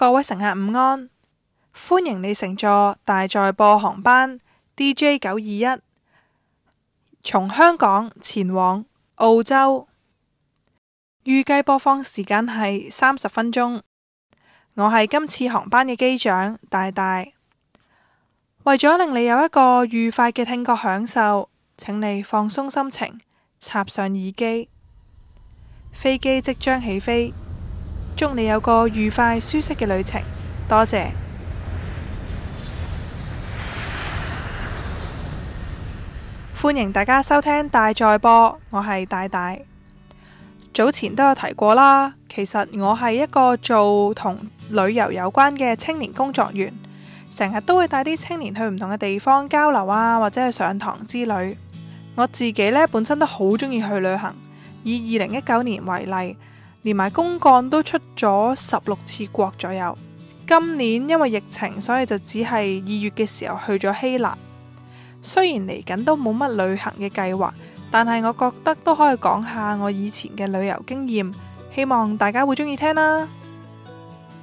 各位乘客午安，歡迎你乘坐大在播航班 DJ 九二一，從香港前往澳洲，預計播放時間係三十分鐘。我係今次航班嘅機長大大，為咗令你有一個愉快嘅聽覺享受，請你放鬆心情，插上耳機。飛機即將起飛。祝你有個愉快舒適嘅旅程，多謝！歡迎大家收聽大在播，我係大大。早前都有提過啦，其實我係一個做同旅遊有關嘅青年工作員，成日都會帶啲青年去唔同嘅地方交流啊，或者係上堂之旅。我自己呢，本身都好鍾意去旅行，以二零一九年為例。連埋公幹都出咗十六次國左右，今年因為疫情，所以就只係二月嘅時候去咗希臘。雖然嚟緊都冇乜旅行嘅計劃，但係我覺得都可以講下我以前嘅旅遊經驗，希望大家會中意聽啦。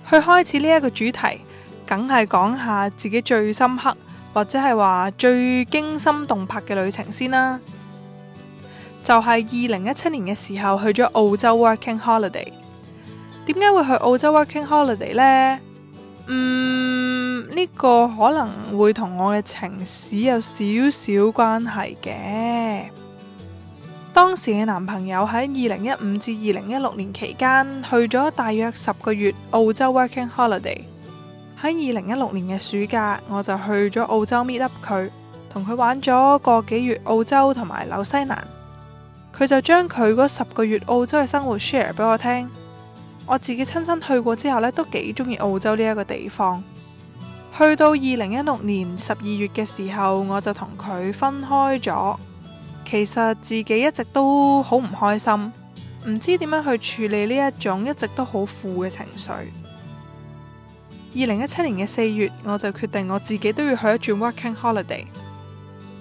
去開始呢一個主題，梗係講下自己最深刻，或者係話最驚心動魄嘅旅程先啦。就係二零一七年嘅時候去咗澳洲 working holiday。點解會去澳洲 working holiday 呢？嗯，呢、呢個可能會同我嘅情史有少少關係嘅。當時嘅男朋友喺二零一五至二零一六年期間去咗大約十個月澳洲 working holiday。喺二零一六年嘅暑假，我就去咗澳洲 meet up 佢，同佢玩咗個幾月澳洲同埋紐西蘭。佢就將佢嗰十個月澳洲嘅生活 share 俾我聽，我自己親身去過之後呢都幾中意澳洲呢一個地方。去到二零一六年十二月嘅時候，我就同佢分開咗。其實自己一直都好唔開心，唔知點樣去處理呢一種一直都好負嘅情緒。二零一七年嘅四月，我就決定我自己都要去一轉 working holiday，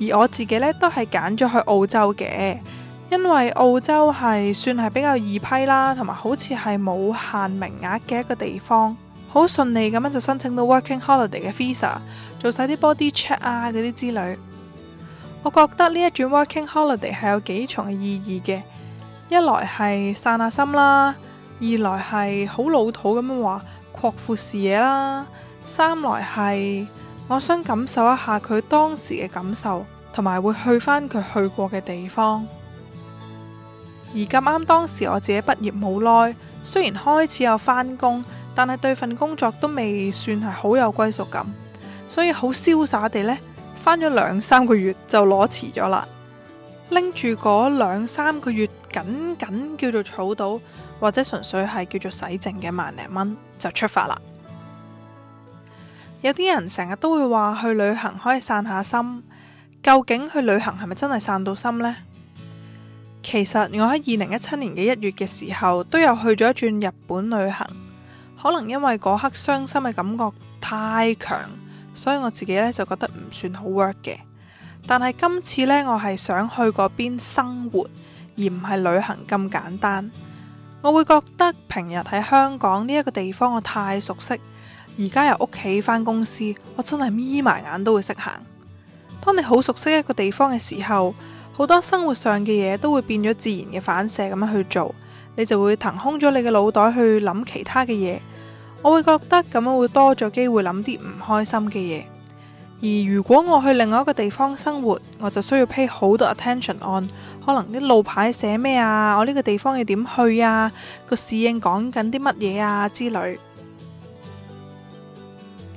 而我自己呢都係揀咗去澳洲嘅。因為澳洲係算係比較易批啦，同埋好似係冇限名額嘅一個地方，好順利咁樣就申請到 Working Holiday 嘅 Visa，做晒啲 body check 啊嗰啲之類。我覺得呢一轉 Working Holiday 係有幾重意義嘅，一來係散下心啦，二來係好老土咁樣話擴闊視野啦，三來係我想感受一下佢當時嘅感受，同埋會去返佢去過嘅地方。而咁啱，當時我自己畢業冇耐，雖然開始有返工，但係對份工作都未算係好有歸屬感，所以好瀟灑地呢，返咗兩三個月就攞辭咗啦。拎住嗰兩三個月，僅僅叫做儲到或者純粹係叫做洗剩嘅萬零蚊就出發啦。有啲人成日都會話去旅行可以散下心，究竟去旅行係咪真係散到心呢？其實我喺二零一七年嘅一月嘅時候，都有去咗一轉日本旅行。可能因為嗰刻傷心嘅感覺太強，所以我自己咧就覺得唔算好 work 嘅。但係今次呢，我係想去嗰邊生活，而唔係旅行咁簡單。我會覺得平日喺香港呢一個地方我太熟悉，而家由屋企返公司，我真係眯埋眼都會識行。當你好熟悉一個地方嘅時候，好多生活上嘅嘢都會變咗自然嘅反射咁樣去做，你就會騰空咗你嘅腦袋去諗其他嘅嘢。我會覺得咁樣會多咗機會諗啲唔開心嘅嘢。而如果我去另外一個地方生活，我就需要 pay 好多 attention on 可能啲路牌寫咩啊，我呢個地方要點去啊，個侍應講緊啲乜嘢啊之類。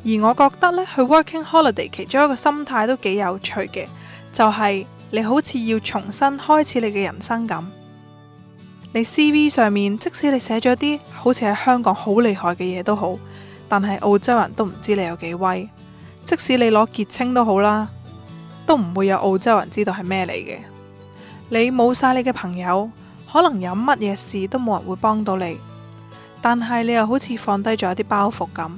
而我覺得呢，去 working holiday 其中一個心態都幾有趣嘅，就係。你好似要重新開始你嘅人生咁，你 CV 上面即使你寫咗啲好似喺香港好厲害嘅嘢都好，但係澳洲人都唔知你有幾威，即使你攞結清都好啦，都唔會有澳洲人知道係咩嚟嘅。你冇晒你嘅朋友，可能有乜嘢事都冇人會幫到你，但係你又好似放低咗一啲包袱咁，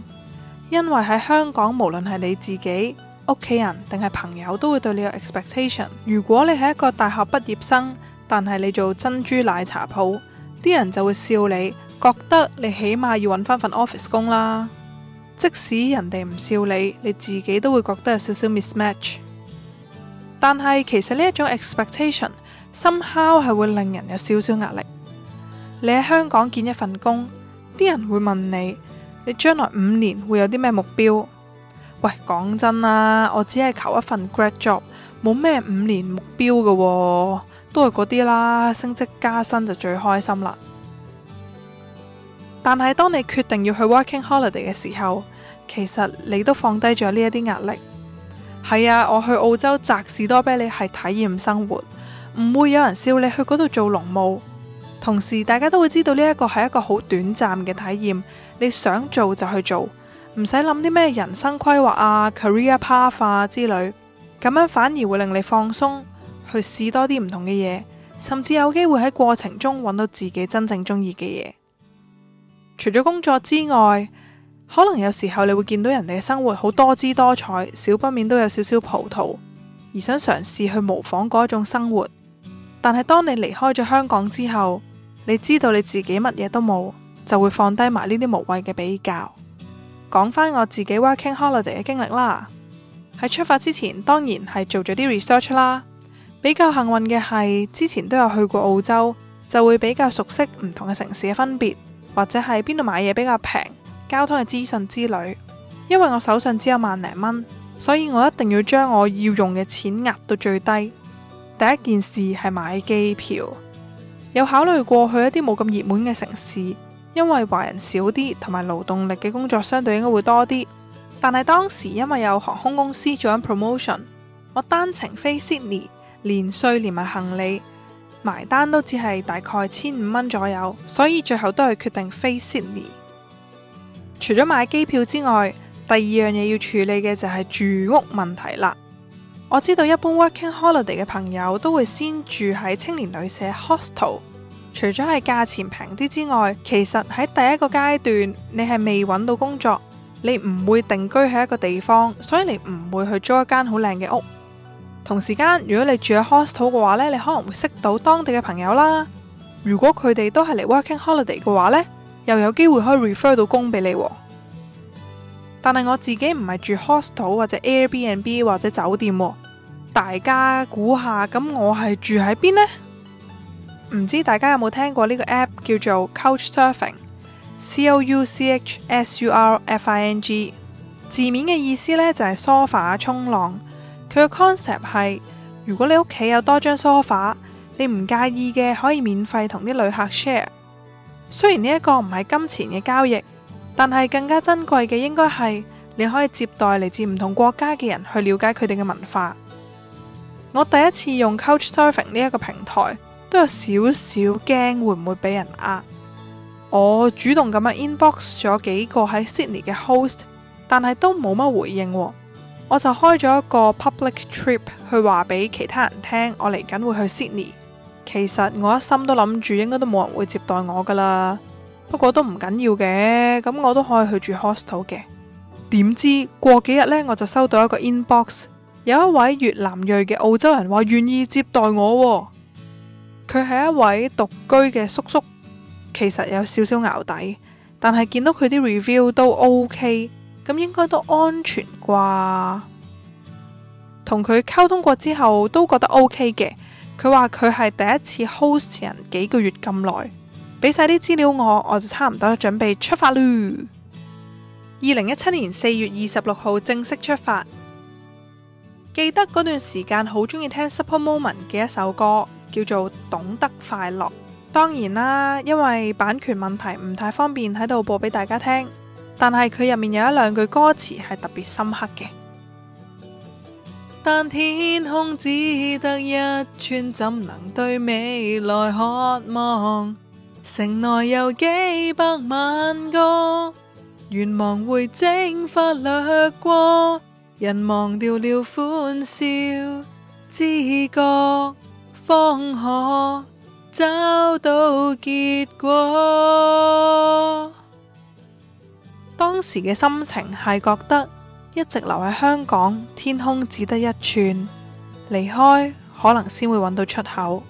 因為喺香港無論係你自己。屋企人定係朋友都會對你有 expectation。如果你係一個大學畢業生，但係你做珍珠奶茶鋪，啲人就會笑你，覺得你起碼要搵翻份 office 工啦。即使人哋唔笑你，你自己都會覺得有少少 mismatch。但係其實呢一種 expectation，somehow 係會令人有少少壓力。你喺香港見一份工，啲人會問你，你將來五年會有啲咩目標？喂，講真啦，我只係求一份 grad job，冇咩五年目標嘅喎、哦，都係嗰啲啦，升職加薪就最開心啦。但係當你決定要去 working holiday 嘅時候，其實你都放低咗呢一啲壓力。係啊，我去澳洲摘士多啤梨係體驗生活，唔會有人笑你去嗰度做農務。同時，大家都會知道呢一個係一個好短暫嘅體驗，你想做就去做。唔使諗啲咩人生規劃啊、career path 啊之類，咁樣反而會令你放鬆，去試多啲唔同嘅嘢，甚至有機會喺過程中搵到自己真正中意嘅嘢。除咗工作之外，可能有時候你會見到人哋嘅生活好多姿多彩，少不免都有少少葡萄，而想嘗試去模仿嗰一種生活。但係當你離開咗香港之後，你知道你自己乜嘢都冇，就會放低埋呢啲無謂嘅比較。講返我自己 working holiday 嘅經歷啦，喺出發之前當然係做咗啲 research 啦。比較幸運嘅係之前都有去過澳洲，就會比較熟悉唔同嘅城市嘅分別，或者係邊度買嘢比較平、交通嘅資訊之類。因為我手上只有萬零蚊，所以我一定要將我要用嘅錢壓到最低。第一件事係買機票，有考慮過去一啲冇咁熱門嘅城市。因為華人少啲，同埋勞動力嘅工作相對應該會多啲。但係當時因為有航空公司做緊 promotion，我單程飛悉尼，連稅連埋行李埋單都只係大概千五蚊左右，所以最後都係決定飛悉尼。除咗買機票之外，第二樣嘢要處理嘅就係住屋問題啦。我知道一般 working holiday 嘅朋友都會先住喺青年旅社 hostel。除咗係價錢平啲之外，其實喺第一個階段，你係未揾到工作，你唔會定居喺一個地方，所以你唔會去租一間好靚嘅屋。同時間，如果你住喺 hostel 嘅話呢，你可能會識到當地嘅朋友啦。如果佢哋都係嚟 working holiday 嘅話呢，又有機會可以 refer 到工俾你。但係我自己唔係住 hostel 或者 Airbnb 或者酒店，大家估下，咁我係住喺邊呢？唔知大家有冇聽過呢個 app 叫做 Couchsurfing，C O U C H S U R F I N G，字面嘅意思呢就係梳化衝浪。佢嘅 concept 係如果你屋企有多張梳化，你唔介意嘅可以免費同啲旅客 share。雖然呢一個唔係金錢嘅交易，但係更加珍貴嘅應該係你可以接待嚟自唔同國家嘅人去了解佢哋嘅文化。我第一次用 Couchsurfing 呢一個平台。都有少少驚會唔會俾人呃。我主動咁樣 inbox 咗幾個喺 Sydney 嘅 host，但係都冇乜回應。我就開咗一個 public trip 去話俾其他人聽，我嚟緊會去 Sydney。其實我一心都諗住應該都冇人會接待我噶啦。不過都唔緊要嘅，咁我都可以去住 hostel 嘅。點知過幾日呢，我就收到一個 inbox，有一位越南裔嘅澳洲人話願意接待我。佢係一位獨居嘅叔叔，其實有少少淆底，但係見到佢啲 review 都 OK，咁應該都安全啩。同佢溝通過之後都覺得 OK 嘅，佢話佢係第一次 host 人幾個月咁耐，俾晒啲資料我，我就差唔多準備出發啦。二零一七年四月二十六號正式出發，記得嗰段時間好鍾意聽 Super Moment 嘅一首歌。叫做懂得快樂，當然啦，因為版權問題唔太方便喺度播俾大家聽。但係佢入面有一兩句歌詞係特別深刻嘅。但天空只得一寸，怎能對未來渴望？城內有幾百萬個願望會蒸發掠過，人忘掉了歡笑知覺。方可找到結果。當時嘅心情係覺得一直留喺香港，天空只得一寸，離開可能先會搵到出口。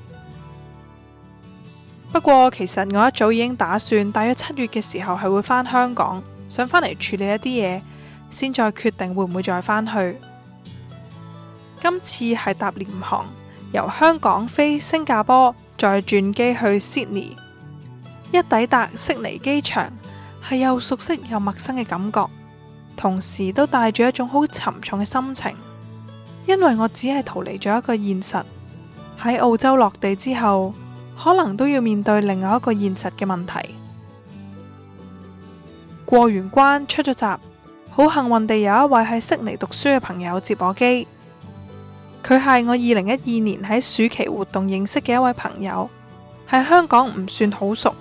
不過其實我一早已經打算，大約七月嘅時候係會返香港，想返嚟處理一啲嘢，先再決定會唔會再返去。今次係搭廉航。由香港飛新加坡，再轉機去悉尼。一抵達悉尼機場，係又熟悉又陌生嘅感覺，同時都帶住一種好沉重嘅心情，因為我只係逃離咗一個現實。喺澳洲落地之後，可能都要面對另外一個現實嘅問題。過完關出咗閘，好幸運地有一位喺悉尼讀書嘅朋友接我機。佢係我二零一二年喺暑期活動認識嘅一位朋友，喺香港唔算好熟，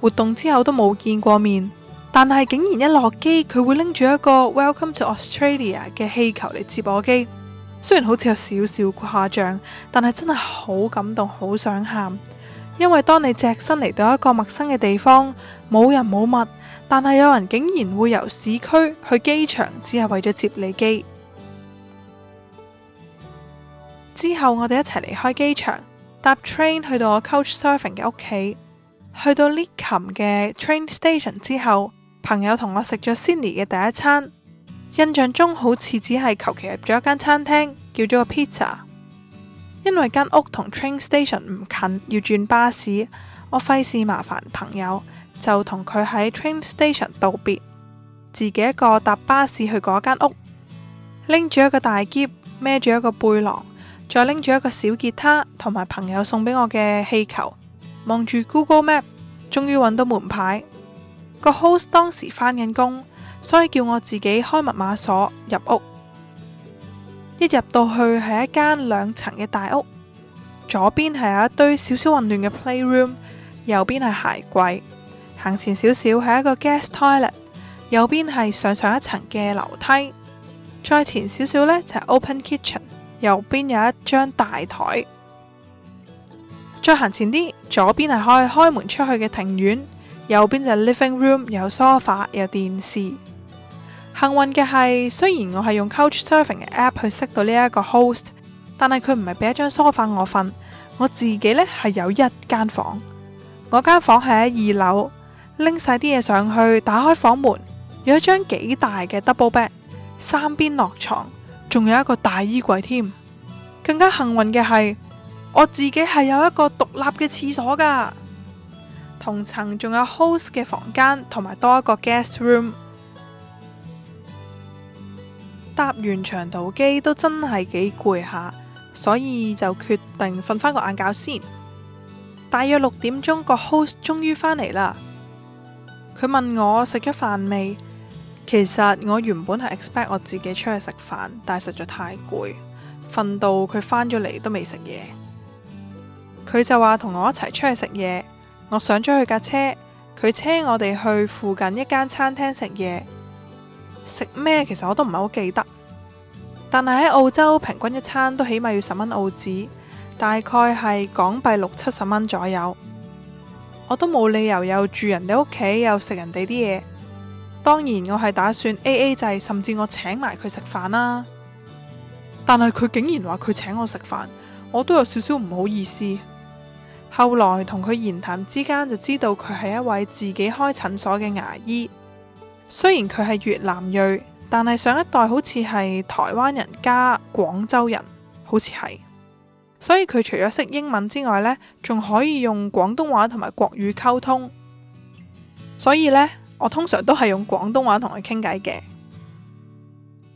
活動之後都冇見過面，但係竟然一落機佢會拎住一個 Welcome to Australia 嘅氣球嚟接我機，雖然好似有少少誇張，但係真係好感動，好想喊，因為當你隻身嚟到一個陌生嘅地方，冇人冇物，但係有人竟然會由市區去機場，只係為咗接你機。之後我哋一齊離開機場，搭 train 去到我 couchsurfing 嘅屋企。去到立琴嘅 train station 之後，朋友同我食咗 Sydney 嘅第一餐。印象中好似只係求其入咗一間餐廳，叫咗個 pizza。因為間屋同 train station 唔近，要轉巴士，我費事麻煩朋友，就同佢喺 train station 道別，自己一個搭巴士去嗰間屋，拎住一個大篋，孭住一個背囊。再拎住一個小吉他同埋朋友送俾我嘅氣球，望住 Google Map，終於揾到門牌。個 host 當時返緊工，所以叫我自己開密碼鎖入屋。一入到去係一間兩層嘅大屋，左邊係有一堆少少混亂嘅 play room，右邊係鞋櫃。行前少少係一個 guest toilet，右邊係上上一層嘅樓梯。再前少少呢，就係 open kitchen。右邊有一張大枱，再行前啲，左邊係可以開門出去嘅庭院，右邊就 living room，有梳化，有電視。幸運嘅係，雖然我係用 couch surfing 嘅 app 去識到呢一個 host，但係佢唔係俾一張梳化我瞓，我自己呢係有一間房。我間房係喺二樓，拎晒啲嘢上去，打開房門，有一張幾大嘅 double bed，三邊落床。仲有一個大衣櫃添，更加幸運嘅係我自己係有一個獨立嘅廁所噶，同層仲有 host 嘅房間同埋多一個 guest room。搭完長途機都真係幾攰下，所以就決定瞓翻個晏覺先。大約六點鐘，個 host 終於返嚟啦，佢問我食咗飯未。其實我原本係 expect 我自己出去食飯，但係實在太攰，瞓到佢返咗嚟都未食嘢。佢就話同我一齊出去食嘢，我上咗去架車，佢車我哋去附近一間餐廳食嘢。食咩其實我都唔係好記得，但係喺澳洲平均一餐都起碼要十蚊澳紙，大概係港幣六七十蚊左右。我都冇理由又住人哋屋企，又食人哋啲嘢。當然，我係打算 AA 制，甚至我請埋佢食飯啦。但係佢竟然話佢請我食飯，我都有少少唔好意思。後來同佢言談之間，就知道佢係一位自己開診所嘅牙醫。雖然佢係越南裔，但係上一代好似係台灣人加廣州人，好似係。所以佢除咗識英文之外呢，仲可以用廣東話同埋國語溝通。所以呢。我通常都係用廣東話同佢傾偈嘅。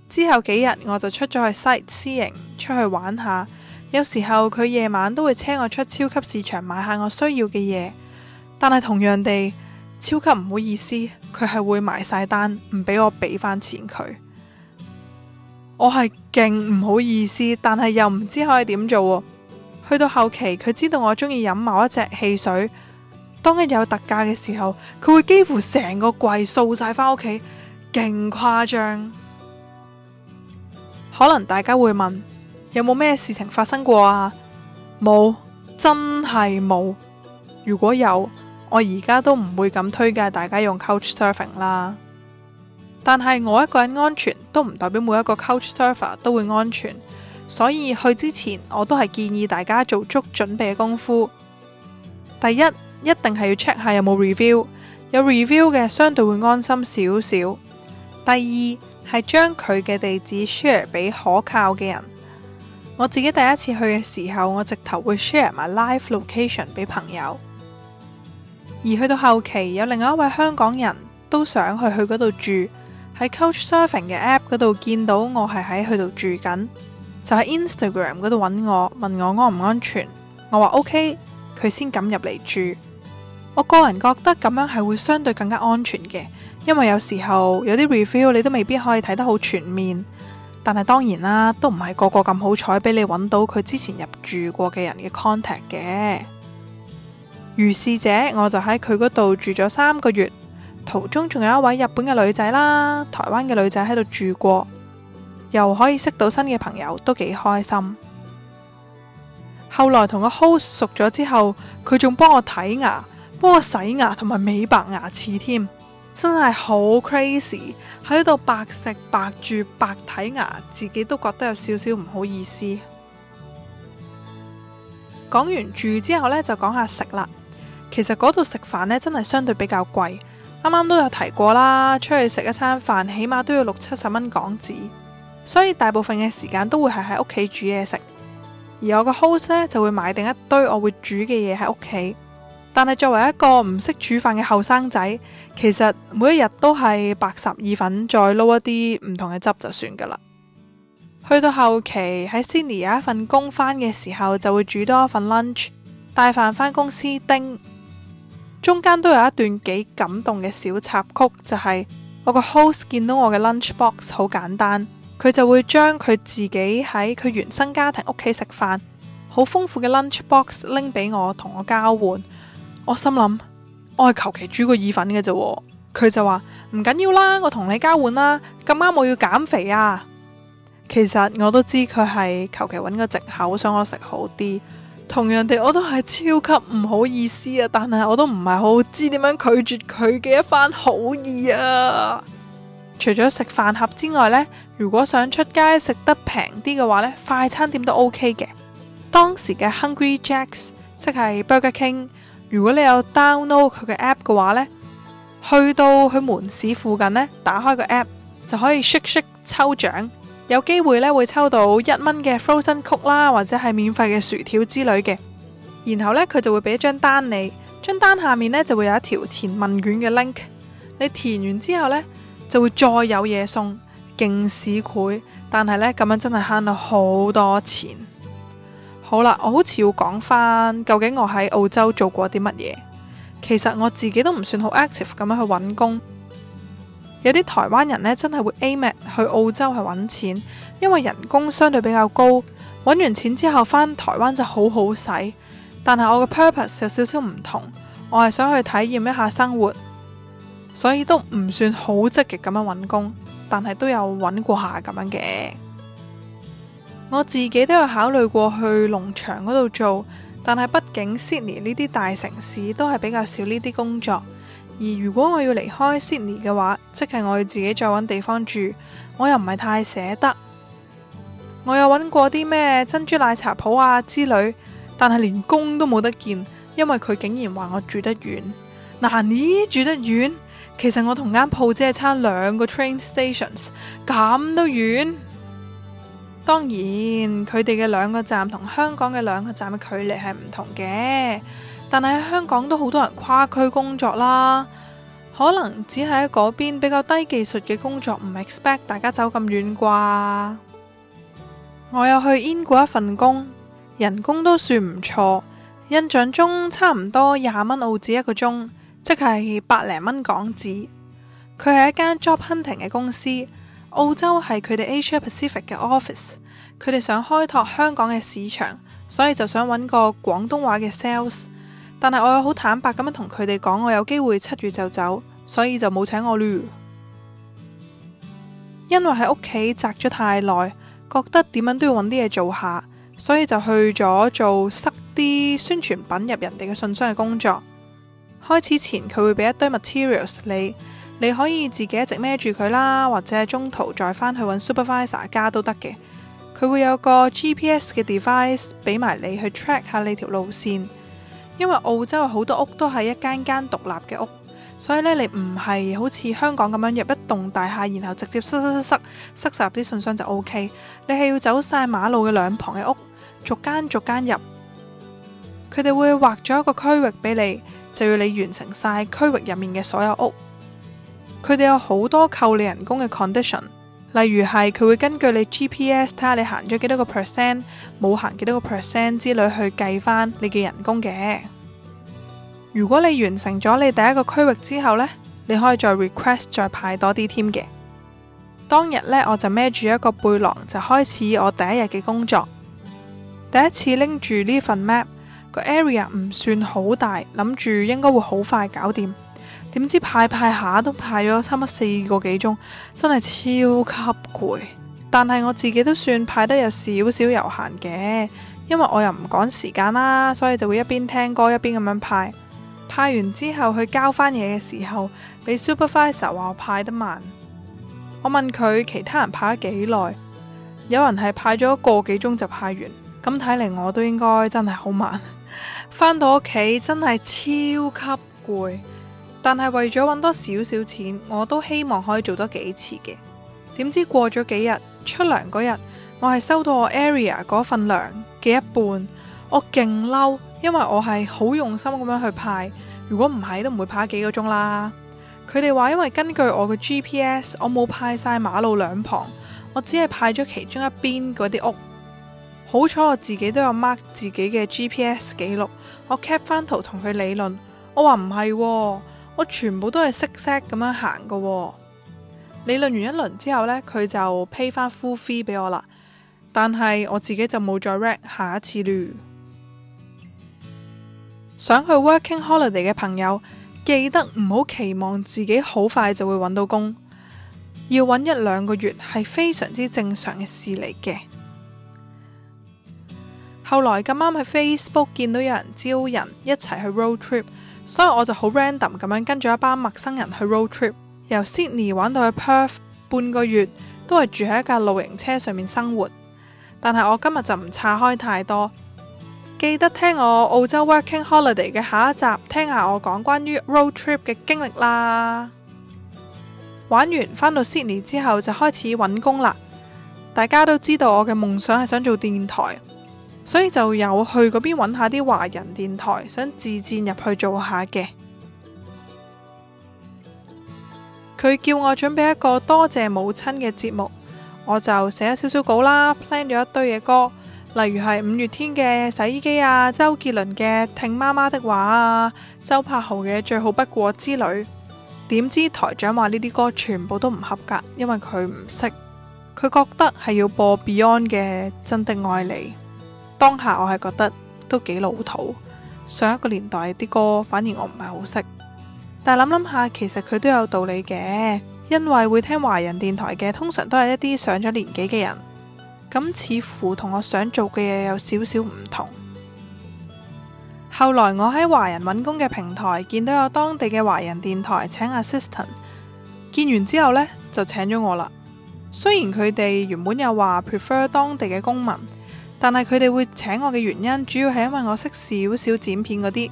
之後幾日我就出咗去 sightseeing，出去玩下，有時候佢夜晚都會車我出超級市場買下我需要嘅嘢，但係同樣地，超級唔好意思，佢係會埋晒單，唔俾我俾返錢佢。我係勁唔好意思，但係又唔知可以點做。去到後期，佢知道我中意飲某一隻汽水。當一有特價嘅時候，佢會幾乎成個櫃掃晒返屋企，勁誇張。可能大家會問，有冇咩事情發生過啊？冇，真係冇。如果有，我而家都唔會咁推介大家用 couch surfing 啦。但係我一個人安全，都唔代表每一個 couch surfer 都會安全。所以去之前，我都係建議大家做足準備功夫。第一。一定係要 check 下有冇 review，有 review 嘅 re 相對會安心少少。第二係將佢嘅地址 share 俾可靠嘅人。我自己第一次去嘅時候，我直頭會 share 埋 live location 俾朋友。而去到後期，有另外一位香港人都想去去嗰度住，喺 Couchsurfing 嘅 app 嗰度見到我係喺佢度住緊，就喺 Instagram 嗰度揾我，問我安唔安全，我話 OK，佢先敢入嚟住。我個人覺得咁樣係會相對更加安全嘅，因為有時候有啲 review 你都未必可以睇得好全面，但係當然啦，都唔係個個咁好彩，俾你揾到佢之前入住過嘅人嘅 contact 嘅。如是者，我就喺佢嗰度住咗三個月，途中仲有一位日本嘅女仔啦，台灣嘅女仔喺度住過，又可以識到新嘅朋友，都幾開心。後來同個 host 熟咗之後，佢仲幫我睇牙。不過、哦、洗牙同埋美白牙齒添，真係好 crazy，喺度白食白住白睇牙，自己都覺得有少少唔好意思。講完住之後呢，就講下食啦。其實嗰度食飯呢，真係相對比較貴。啱啱都有提過啦，出去食一餐飯起碼都要六七十蚊港紙，所以大部分嘅時間都會係喺屋企煮嘢食。而我個 host 呢，就會買定一堆我會煮嘅嘢喺屋企。但係作為一個唔識煮飯嘅後生仔，其實每一日都係白十意粉，再撈一啲唔同嘅汁就算噶啦。去到後期喺 Sydney 有一份工返嘅時候，就會煮多一份 lunch 帶飯返公司叮。中間都有一段幾感動嘅小插曲，就係、是、我個 host 見到我嘅 lunch box 好簡單，佢就會將佢自己喺佢原生家庭屋企食飯好豐富嘅 lunch box 拎俾我，同我交換。我心諗，我係求其煮個意粉嘅啫。佢就話唔緊要啦，我同你交換啦。咁啱我要減肥啊。其實我都知佢係求其搵個借口，想我食好啲。同樣地我都係超級唔好意思啊，但係我都唔係好知點樣拒絕佢嘅一番好意啊。除咗食飯盒之外呢，如果想出街食得平啲嘅話呢，快餐店都 OK 嘅。當時嘅 Hungry Jacks，即係 Burger King。如果你有 download 佢嘅 app 嘅話呢，去到佢門市附近呢，打開個 app 就可以 shake shake 抽獎，有機會呢會抽到一蚊嘅 Frozen Coke 啦，或者係免費嘅薯條之類嘅。然後呢，佢就會俾一張單你，張單下面呢就會有一條填問卷嘅 link，你填完之後呢，就會再有嘢送，勁市儈，但係呢，咁樣真係慳到好多錢。好啦，我好似要講返究竟我喺澳洲做過啲乜嘢。其實我自己都唔算好 active 咁樣去揾工。有啲台灣人呢，真係會 aim at 去澳洲去揾錢，因為人工相對比較高。揾完錢之後返台灣就好好使。但係我嘅 purpose 有少少唔同，我係想去體驗一下生活，所以都唔算好積極咁樣揾工，但係都有揾過下咁樣嘅。我自己都有考慮過去農場嗰度做，但係畢竟 Sydney 呢啲大城市都係比較少呢啲工作。而如果我要離開 Sydney 嘅話，即係我要自己再搵地方住，我又唔係太捨得。我有搵過啲咩珍珠奶茶鋪啊之類，但係連工都冇得見，因為佢竟然話我住得遠。嗱，啊，你住得遠？其實我同間鋪只係差兩個 train stations，咁都遠？當然，佢哋嘅兩個站同香港嘅兩個站嘅距離係唔同嘅，但係香港都好多人跨區工作啦，可能只係喺嗰邊比較低技術嘅工作，唔 expect 大家走咁遠啩。我有去 in 過一份工，人工都算唔錯，印象中差唔多廿蚊澳紙一個鐘，即係百零蚊港紙。佢係一間 job hunting 嘅公司。澳洲係佢哋 Asia Pacific 嘅 office，佢哋想開拓香港嘅市場，所以就想揾個廣東話嘅 sales。但係我又好坦白咁樣同佢哋講，我有機會七月就走，所以就冇請我咯。因為喺屋企宅咗太耐，覺得點樣都要揾啲嘢做下，所以就去咗做塞啲宣傳品入人哋嘅信箱嘅工作。開始前，佢會俾一堆 materials 你。你可以自己一直孭住佢啦，或者中途再返去揾 supervisor 加都得嘅。佢會有個 GPS 嘅 device 俾埋你去 track 下你條路線，因為澳洲好多屋都係一間間獨立嘅屋，所以呢，你唔係好似香港咁樣入一棟大廈，然後直接塞塞塞塞塞入啲信箱就 OK。你係要走晒馬路嘅兩旁嘅屋，逐間逐間入。佢哋會畫咗一個區域俾你，就要你完成晒區域入面嘅所有屋。佢哋有好多扣你人工嘅 condition，例如係佢會根據你 GPS 睇下你行咗幾多個 percent，冇行幾多個 percent 之類去計翻你嘅人工嘅。如果你完成咗你第一個區域之後呢，你可以再 request 再派多啲 team 嘅。當日呢，我就孭住一個背囊，就開始我第一日嘅工作。第一次拎住呢份 map，個 area 唔算好大，諗住應該會好快搞掂。點知派派下都派咗差唔多四個幾鐘，真係超級攰。但係我自己都算派得有少少悠閒嘅，因為我又唔趕時間啦，所以就會一邊聽歌一邊咁樣派。派完之後去交返嘢嘅時候，俾 supervisor 話我派得慢。我問佢其他人派咗幾耐，有人係派咗個幾鐘就派完，咁睇嚟我都應該真係好慢。返到屋企真係超級攰。但係為咗揾多少少錢，我都希望可以做多幾次嘅。點知過咗幾日出糧嗰日，我係收到我 area 嗰份糧嘅一半，我勁嬲，因為我係好用心咁樣去派。如果唔係，都唔會派幾個鐘啦。佢哋話因為根據我嘅 GPS，我冇派晒馬路兩旁，我只係派咗其中一邊嗰啲屋。好彩我自己都有 mark 自己嘅 GPS 記錄，我 kept 返圖同佢理論，我話唔係喎。我全部都係識 set 咁樣行嘅，理論完一輪之後呢，佢就批返 full fee 俾我啦。但係我自己就冇再 rap 下一次啦。 想去 working holiday 嘅朋友，記得唔好期望自己好快就會揾到工，要揾一兩個月係非常之正常嘅事嚟嘅。後來咁啱喺 Facebook 見到有人招人，一齊去 road trip。所以我就好 random 咁樣跟住一班陌生人去 road trip，由 Sydney 玩到去 Perth，半個月都係住喺一架露營車上面生活。但係我今日就唔岔開太多，記得聽我澳洲 working holiday 嘅下一集，聽下我講關於 road trip 嘅經歷啦。玩完翻到 Sydney 之後就開始揾工啦。大家都知道我嘅夢想係想做電台。所以就有去嗰邊揾下啲華人電台，想自薦入去做下嘅。佢叫我準備一個多謝母親嘅節目，我就寫咗少少稿啦，plan 咗一堆嘅歌，例如係五月天嘅洗衣機啊，周杰倫嘅聽媽媽的話啊，周柏豪嘅最好不過之旅。點知台長話呢啲歌全部都唔合格，因為佢唔識，佢覺得係要播 Beyond 嘅真的愛你。當下我係覺得都幾老土，上一個年代啲歌反而我唔係好識。但係諗諗下，其實佢都有道理嘅，因為會聽華人電台嘅，通常都係一啲上咗年紀嘅人。咁似乎同我想做嘅嘢有少少唔同。後來我喺華人揾工嘅平台見到有當地嘅華人電台請 assistant，見完之後呢，就請咗我啦。雖然佢哋原本又話 prefer 當地嘅公民。但係佢哋會請我嘅原因，主要係因為我識少少剪片嗰啲。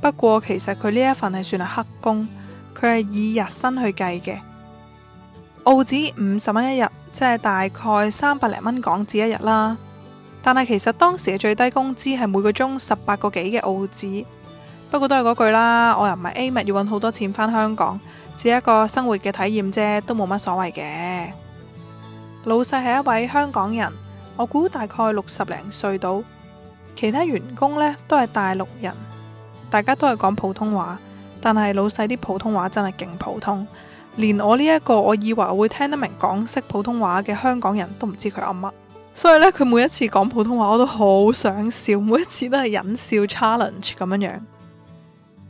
不過其實佢呢一份係算係黑工，佢係以日薪去計嘅。澳紙五十蚊一日，即係大概三百零蚊港紙一日啦。但係其實當時嘅最低工資係每個鐘十八個幾嘅澳紙。不過都係嗰句啦，我又唔係 A 密，要搵好多錢返香港，只係一個生活嘅體驗啫，都冇乜所謂嘅。老細係一位香港人。我估大概六十零歲到，其他員工呢都係大陸人，大家都係講普通話，但係老細啲普通話真係勁普通，連我呢一個我以為我會聽得明港式普通話嘅香港人都唔知佢噏乜，所以呢，佢每一次講普通話我都好想笑，每一次都係忍笑 challenge 咁樣樣。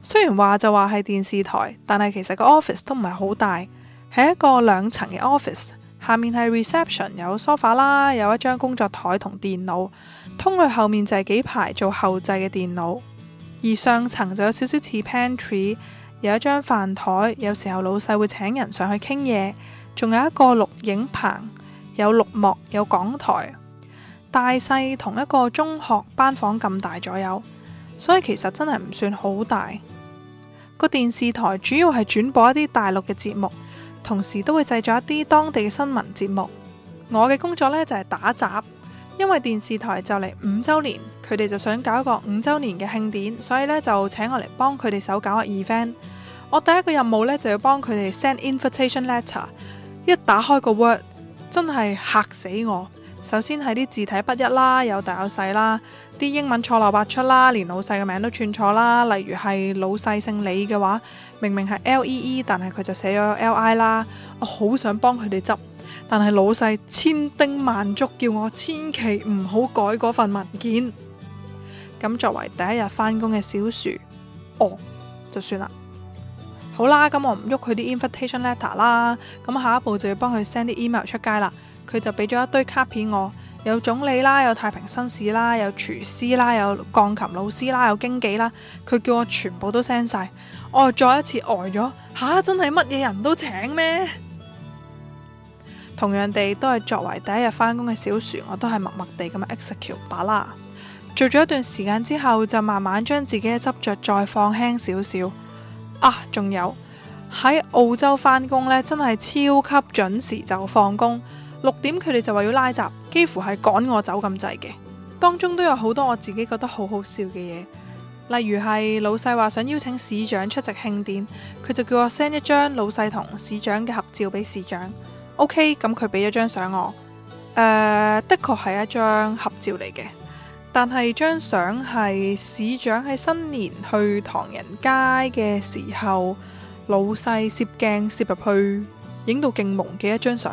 雖然話就話係電視台，但係其實個 office 都唔係好大，係一個兩層嘅 office。下面係 reception，有 sofa 啦，有一張工作台同電腦。通去後面就係幾排做後製嘅電腦。而上層就有少少似 pantry，有一張飯台，有時候老細會請人上去傾嘢，仲有一個錄影棚，有綠幕，有講台，大細同一個中學班房咁大左右，所以其實真係唔算好大。個電視台主要係轉播一啲大陸嘅節目。同時都會製作一啲當地嘅新聞節目。我嘅工作呢就係打雜，因為電視台就嚟五週年，佢哋就想搞一個五週年嘅慶典，所以呢就請我嚟幫佢哋手搞個 event。我第一個任務呢就要幫佢哋 send invitation letter。一打開個 Word，真係嚇死我。首先係啲字體不一啦，有大有細啦，啲英文錯漏百出啦，連老細嘅名都串錯啦，例如係老細姓李嘅話。明明係 L.E.E，但係佢就寫咗 L.I 啦。我好想幫佢哋執，但係老細千叮萬囑叫我千祈唔好改嗰份文件。咁作為第一日返工嘅小薯，哦，就算啦。好啦，咁我唔喐佢啲 invitation letter 啦。咁下一步就要幫佢 send 啲 email 出街啦。佢就俾咗一堆卡片我，有總理啦，有太平紳士啦，有廚師啦，有鋼琴老師啦，有經紀啦。佢叫我全部都 send 晒。我、哦、再一次呆咗吓，啊，真係乜嘢人都請咩？同樣地，都係作為第一日返工嘅小船，我都係默默地咁 excuse 吧啦。做咗一段時間之後，就慢慢將自己嘅執着再放輕少少。啊，仲有喺澳洲返工呢，真係超級準時就放工，六點佢哋就話要拉閘，幾乎係趕我走咁滯嘅。當中都有好多我自己覺得好好笑嘅嘢。例如係老細話想邀請市長出席慶典，佢就叫我 send 一張老細同市長嘅合照俾市長。OK，咁佢俾咗張相我。誒、uh，的確係一張合照嚟嘅，但係張相係市長喺新年去唐人街嘅時候，老細攝鏡攝入去，影到勁蒙嘅一張相。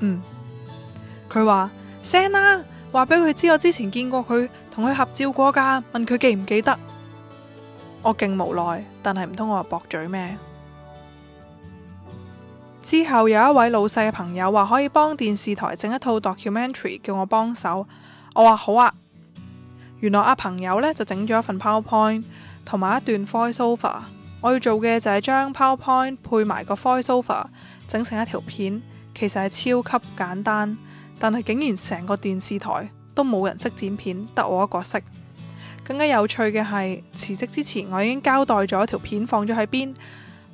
嗯，佢話 send 啦，話俾佢知我之前見過佢。同佢合照過噶，問佢記唔記得？我勁無奈，但係唔通我話駁嘴咩？之後有一位老細嘅朋友話可以幫電視台整一套 documentary，叫我幫手。我話好啊。原來阿朋友呢就整咗一份 PowerPoint 同埋一段 voiceover，我要做嘅就係將 PowerPoint 配埋個 voiceover 整成一條片，其實係超級簡單，但係竟然成個電視台。都冇人識剪片，得我一個識。更加有趣嘅係，辭職之前我已經交代咗條片放咗喺邊。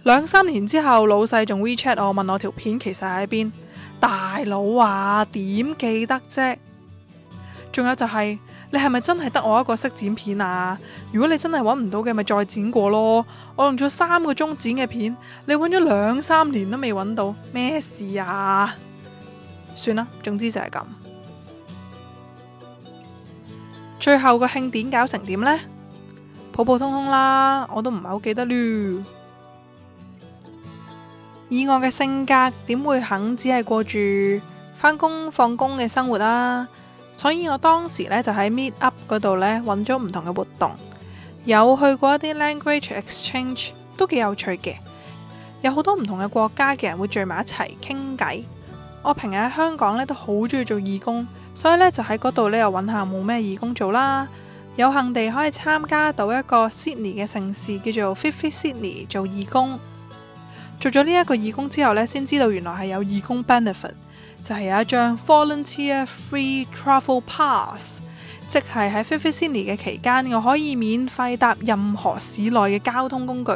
兩三年之後，老細仲 WeChat 我問我條片其實喺邊。大佬啊，點記得啫？仲有就係，你係咪真係得我一個識剪片啊？如果你真係揾唔到嘅，咪再剪過咯。我用咗三個鐘剪嘅片，你揾咗兩三年都未揾到，咩事啊？算啦，總之就係咁。最後個慶典搞成點呢？普普通通啦，我都唔係好記得啦。以我嘅性格，點會肯只係過住返工放工嘅生活啊？所以我當時咧就喺 Meet Up 嗰度咧，揾咗唔同嘅活動，有去過一啲 language exchange，都幾有趣嘅，有好多唔同嘅國家嘅人會聚埋一齊傾偈。我平日喺香港咧都好中意做義工。所以咧就喺嗰度呢，又揾下冇咩義工做啦。有幸地可以參加到一個 Sydney 嘅城市叫做 Fifty Sydney 做義工。做咗呢一個義工之後呢，先知道原來係有義工 benefit，就係有一張 Volunteer Free Travel Pass，即係喺 Fifty Sydney 嘅期間我可以免費搭任何市內嘅交通工具。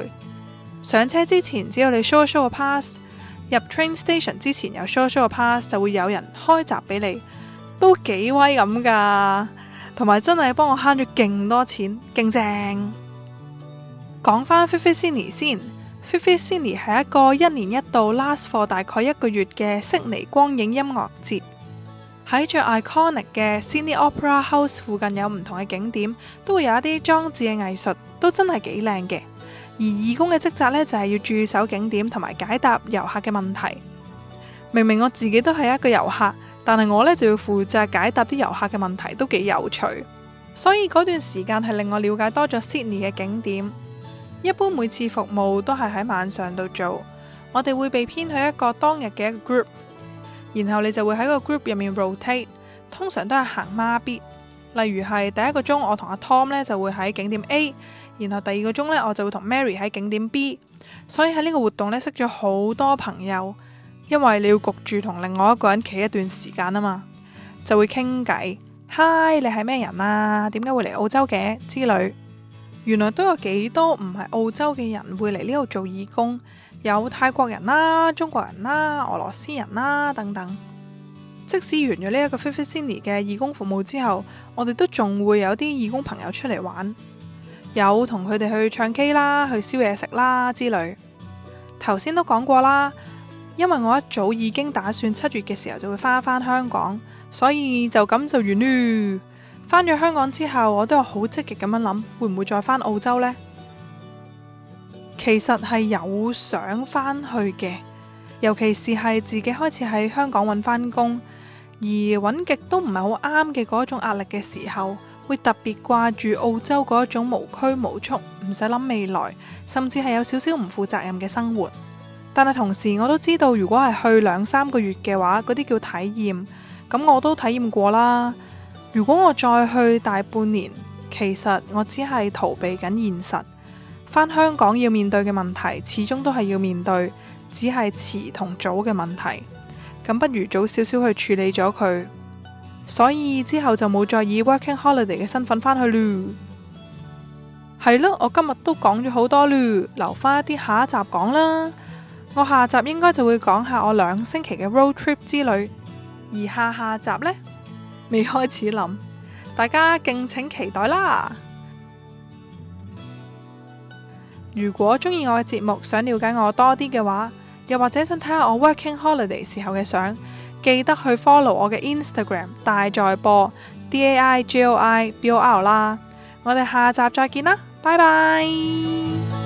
上車之前只要你 show show 個 pass，入 train station 之前有 show show 個 pass 就會有人開閘俾你。都幾威咁噶，同埋真係幫我慳咗勁多錢，勁正。講返 Vivid Sydney 先，Vivid Sydney 係一個一年一度 last for 大概一個月嘅悉尼光影音樂節。喺着 iconic 嘅 Sydney Opera House 附近有唔同嘅景點，都會有一啲裝置嘅藝術，都真係幾靚嘅。而義工嘅職責呢，就係、是、要駐守景點同埋解答遊客嘅問題。明明我自己都係一個遊客。但係我呢就要負責解答啲遊客嘅問題，都幾有趣。所以嗰段時間係令我了解多咗 Sydney 嘅景點。一般每次服務都係喺晚上度做，我哋會被編去一個當日嘅一個 group，然後你就會喺個 group 入面 rotate。通常都係行孖 B。例如係第一個鐘我同阿 Tom 呢就會喺景點 A，然後第二個鐘呢，我就會同 Mary 喺景點 B。所以喺呢個活動呢，識咗好多朋友。因為你要焗住同另外一個人企一段時間啊嘛，就會傾偈。嗨，你係咩人啊？點解會嚟澳洲嘅之類。原來都有幾多唔係澳洲嘅人會嚟呢度做義工，有泰國人啦、啊、中國人啦、啊、俄羅斯人啦、啊、等等。即使完咗呢一個 Fifteeny 嘅義工服務之後，我哋都仲會有啲義工朋友出嚟玩，有同佢哋去唱 K 啦，去燒嘢食啦之類。頭先都講過啦。因為我一早已經打算七月嘅時候就會返返香港，所以就咁就完啦。返咗香港之後，我都有好積極咁樣諗，會唔會再返澳洲呢？其實係有想返去嘅，尤其是係自己開始喺香港揾返工，而揾極都唔係好啱嘅嗰種壓力嘅時候，會特別掛住澳洲嗰種無拘無束，唔使諗未來，甚至係有少少唔負責任嘅生活。但係同時，我都知道如果係去兩三個月嘅話，嗰啲叫體驗，咁我都體驗過啦。如果我再去大半年，其實我只係逃避緊現實，返香港要面對嘅問題，始終都係要面對，只係遲同早嘅問題。咁不如早少少去處理咗佢，所以之後就冇再以 Working Holiday 嘅身份返去囉。係咯，我今日都講咗好多囉，留翻一啲下一集講啦。我下集應該就會講下我兩星期嘅 road trip 之旅，而下下集呢？未開始諗，大家敬請期待啦！如果中意我嘅節目，想了解我多啲嘅話，又或者想睇下我 working holiday 時候嘅相，記得去 follow 我嘅 Instagram 大在播 D A I J O I B O R 啦！我哋下集再見啦，拜拜。